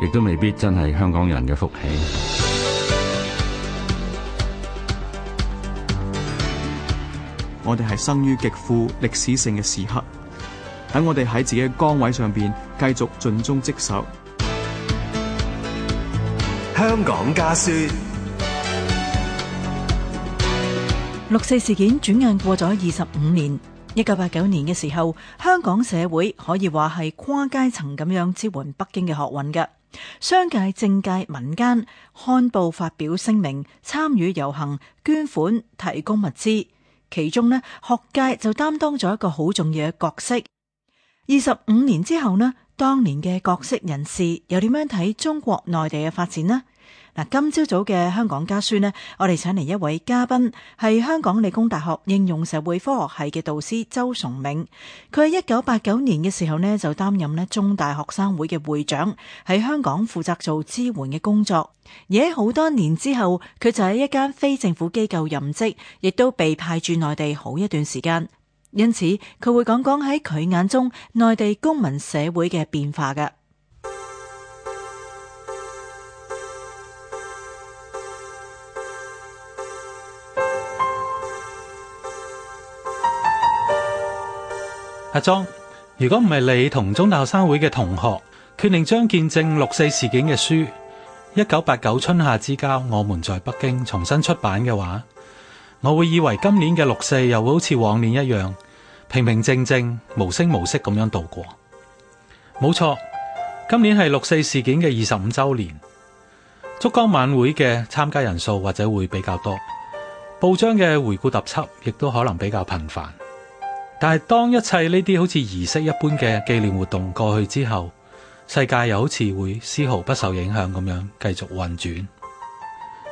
亦都未必真係香港人嘅福氣。我哋係生於極富歷史性嘅時刻，等我哋喺自己嘅崗位上邊繼續盡忠職守。香港家書，六四事件轉眼過咗二十五年。一九八九年嘅時候，香港社會可以話係跨階層咁樣支援北京嘅學運嘅。商界、政界民間、民間刊報，發表聲明，參與遊行，捐款，提供物資，其中呢學界就擔當咗一個好重要嘅角色。二十五年之後呢，當年嘅角色人士又點樣睇中國內地嘅發展呢？嗱，今朝早嘅香港家書咧，我哋請嚟一位嘉賓，係香港理工大學應用社會科學系嘅導師鄒崇銘。佢喺一九八九年嘅時候呢，就擔任咧中大學生會嘅會長，喺香港負責做支援嘅工作。而喺好多年之後，佢就喺一間非政府機構任職，亦都被派駐內地好一段時間。因此，佢會講講喺佢眼中內地公民社會嘅變化㗎。阿莊，如果唔係你同中大學生會嘅同學決定將見證六四事件嘅書《一九八九春夏之交，我們在北京》重新出版嘅話，我會以為今年嘅六四又會好似往年一樣平平靜靜、無聲無息咁樣度過。冇錯，今年係六四事件嘅二十五周年，燭光晚會嘅參加人數或者會比較多，報章嘅回顧特輯亦都可能比較頻繁。但係當一切呢啲好似儀式一般嘅紀念活動過去之後，世界又好似會絲毫不受影響咁樣繼續運轉。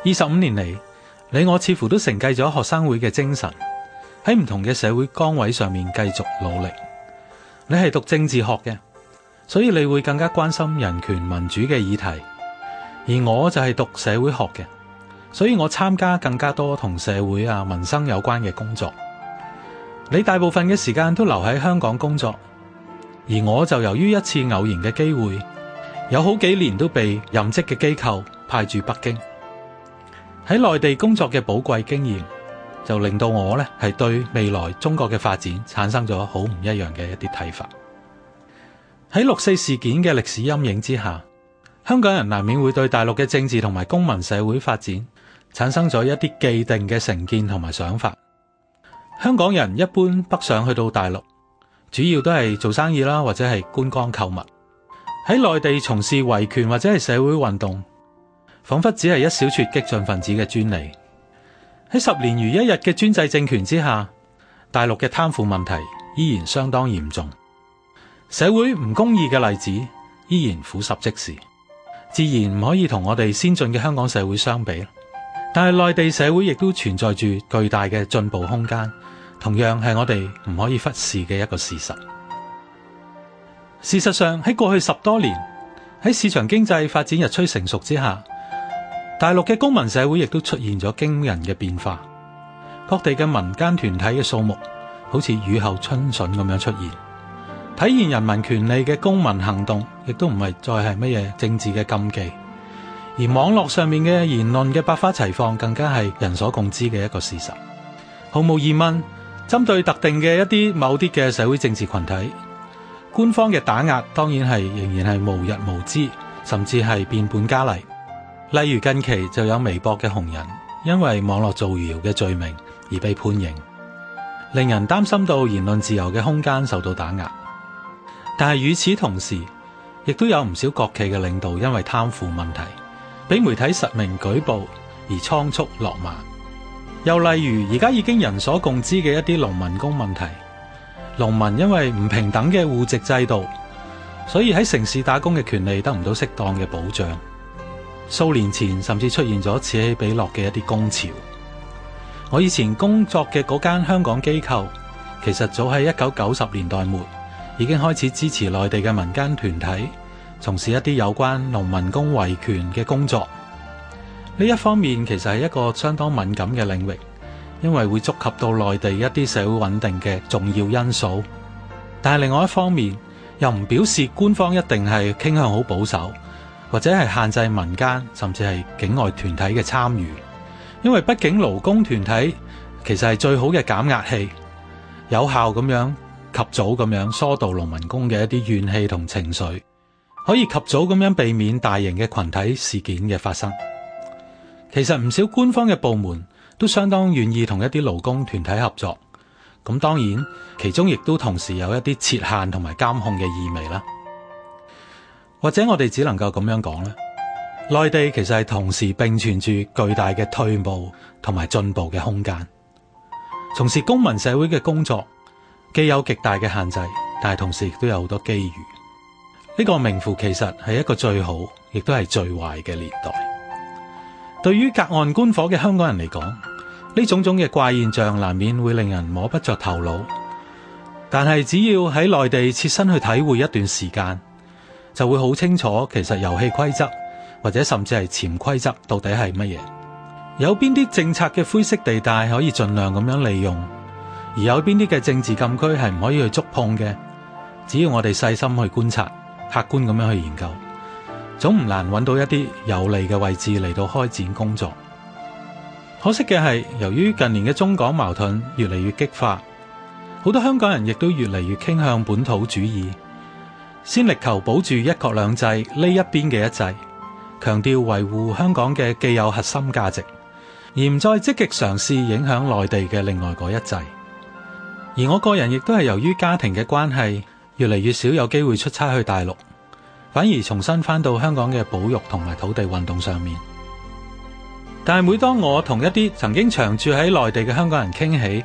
二十五年嚟，你我似乎都承繼咗學生會嘅精神，喺唔同嘅社會崗位上面繼續努力。你係讀政治學嘅，所以你會更加關心人權民主嘅議題；而我就係讀社會學嘅，所以我參加更加多同社會啊、民生有關嘅工作。你大部分嘅時間都留喺香港工作，而我就由於一次偶然嘅機會，有好幾年都被任職嘅機構派駐北京，喺內地工作嘅寶貴經驗，就令到我呢係對未來中國嘅發展產生咗好唔一樣嘅一啲睇法。喺六四事件嘅歷史陰影之下，香港人難免會對大陸嘅政治同埋公民社會發展產生咗一啲既定嘅成見同埋想法。香港人一般北上去到大陸，主要都係做生意啦，或者係觀光購物。喺內地從事維權或者係社會運動，仿佛只係一小撮激進分子嘅專利。喺十年如一日嘅專制政權之下，大陸嘅貪腐問題依然相當嚴重，社會唔公義嘅例子依然俯拾即是，自然唔可以同我哋先進嘅香港社會相比。但係內地社會亦都存在住巨大嘅進步空間。同樣係我哋唔可以忽視嘅一個事實。事實上，喺過去十多年，喺市場經濟發展日趨成熟之下，大陸嘅公民社會亦都出現咗驚人嘅變化。各地嘅民間團體嘅數目，好似雨後春筍咁樣出現，體現人民權利嘅公民行動，亦都唔係再係乜嘢政治嘅禁忌。而網絡上面嘅言論嘅百花齊放，更加係人所共知嘅一個事實。毫無疑問。針對特定嘅一啲某啲嘅社會政治群體，官方嘅打壓當然係仍然係無日無之，甚至係變本加厲。例如近期就有微博嘅紅人，因為網絡造謠嘅罪名而被判刑，令人擔心到言論自由嘅空間受到打壓。但係與此同時，亦都有唔少國企嘅領導因為貪腐問題，俾媒體實名舉報而倉促落馬。又例如，而家已經人所共知嘅一啲農民工問題，農民因為唔平等嘅戶籍制度，所以喺城市打工嘅權利得唔到適當嘅保障。數年前甚至出現咗此起彼落嘅一啲工潮。我以前工作嘅嗰間香港機構，其實早喺一九九十年代末已經開始支持內地嘅民間團體，從事一啲有關農民工維權嘅工作。呢一方面其實係一個相當敏感嘅領域，因為會觸及到內地一啲社會穩定嘅重要因素。但係另外一方面，又唔表示官方一定係傾向好保守，或者係限制民間，甚至係境外團體嘅參與，因為畢竟勞工團體其實係最好嘅減壓器，有效咁樣及早咁樣疏導農民工嘅一啲怨氣同情緒，可以及早咁樣避免大型嘅群體事件嘅發生。其實唔少官方嘅部門都相當願意同一啲勞工團體合作，咁當然其中亦都同時有一啲切限同埋監控嘅意味啦。或者我哋只能夠咁樣講咧，內地其實係同時並存住巨大嘅退步同埋進步嘅空間。從事公民社會嘅工作，既有極大嘅限制，但係同時亦都有好多機遇。呢個名副其實係一個最好亦都係最壞嘅年代。對於隔岸觀火嘅香港人嚟講，呢種種嘅怪現象難免會令人摸不着頭腦。但係只要喺內地切身去體會一段時間，就會好清楚其實遊戲規則或者甚至係潛規則到底係乜嘢，有邊啲政策嘅灰色地帶可以盡量咁樣利用，而有邊啲嘅政治禁區係唔可以去觸碰嘅。只要我哋細心去觀察，客觀咁樣去研究。總唔難揾到一啲有利嘅位置嚟到開展工作。可惜嘅係，由於近年嘅中港矛盾越嚟越激化，好多香港人亦都越嚟越傾向本土主義，先力求保住一國兩制呢一邊嘅一制，強調維護香港嘅既有核心價值，而唔再積極嘗試影響內地嘅另外嗰一制。而我個人亦都係由於家庭嘅關係，越嚟越少有機會出差去大陸。反而重新翻到香港嘅保育同埋土地運動上面。但係每當我同一啲曾經長住喺內地嘅香港人傾起，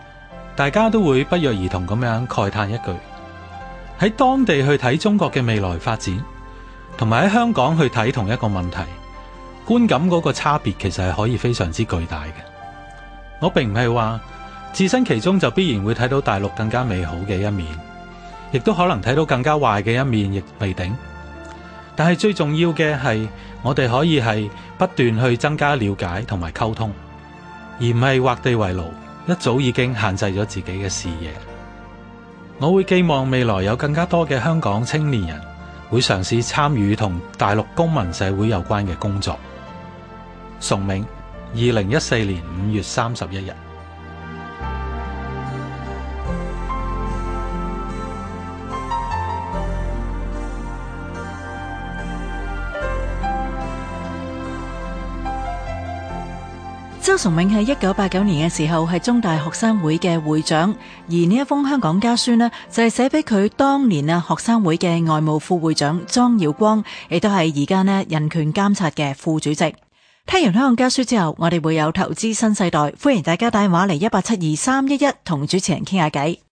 大家都會不約而同咁樣慨嘆一句：喺當地去睇中國嘅未來發展，同埋喺香港去睇同一個問題觀感嗰個差別，其實係可以非常之巨大嘅。我並唔係話置身其中就必然會睇到大陸更加美好嘅一面，亦都可能睇到更加壞嘅一面，亦未定。但係最重要嘅係，我哋可以係不斷去增加了解同埋溝通，而唔係劃地為牢，一早已經限制咗自己嘅視野。我會寄望未來有更加多嘅香港青年人會嘗試參與同大陸公民社會有關嘅工作。崇銘，二零一四年五月三十一日。鄒崇銘喺一九八九年嘅時候係中大學生會嘅會長，而呢一封香港家書呢就係寫俾佢當年啊學生會嘅外務副會長莊耀光，亦都係而家呢人權監察嘅副主席。聽完香港家書之後，我哋會有投資新世代，歡迎大家打電話嚟一八七二三一一同主持人傾下偈。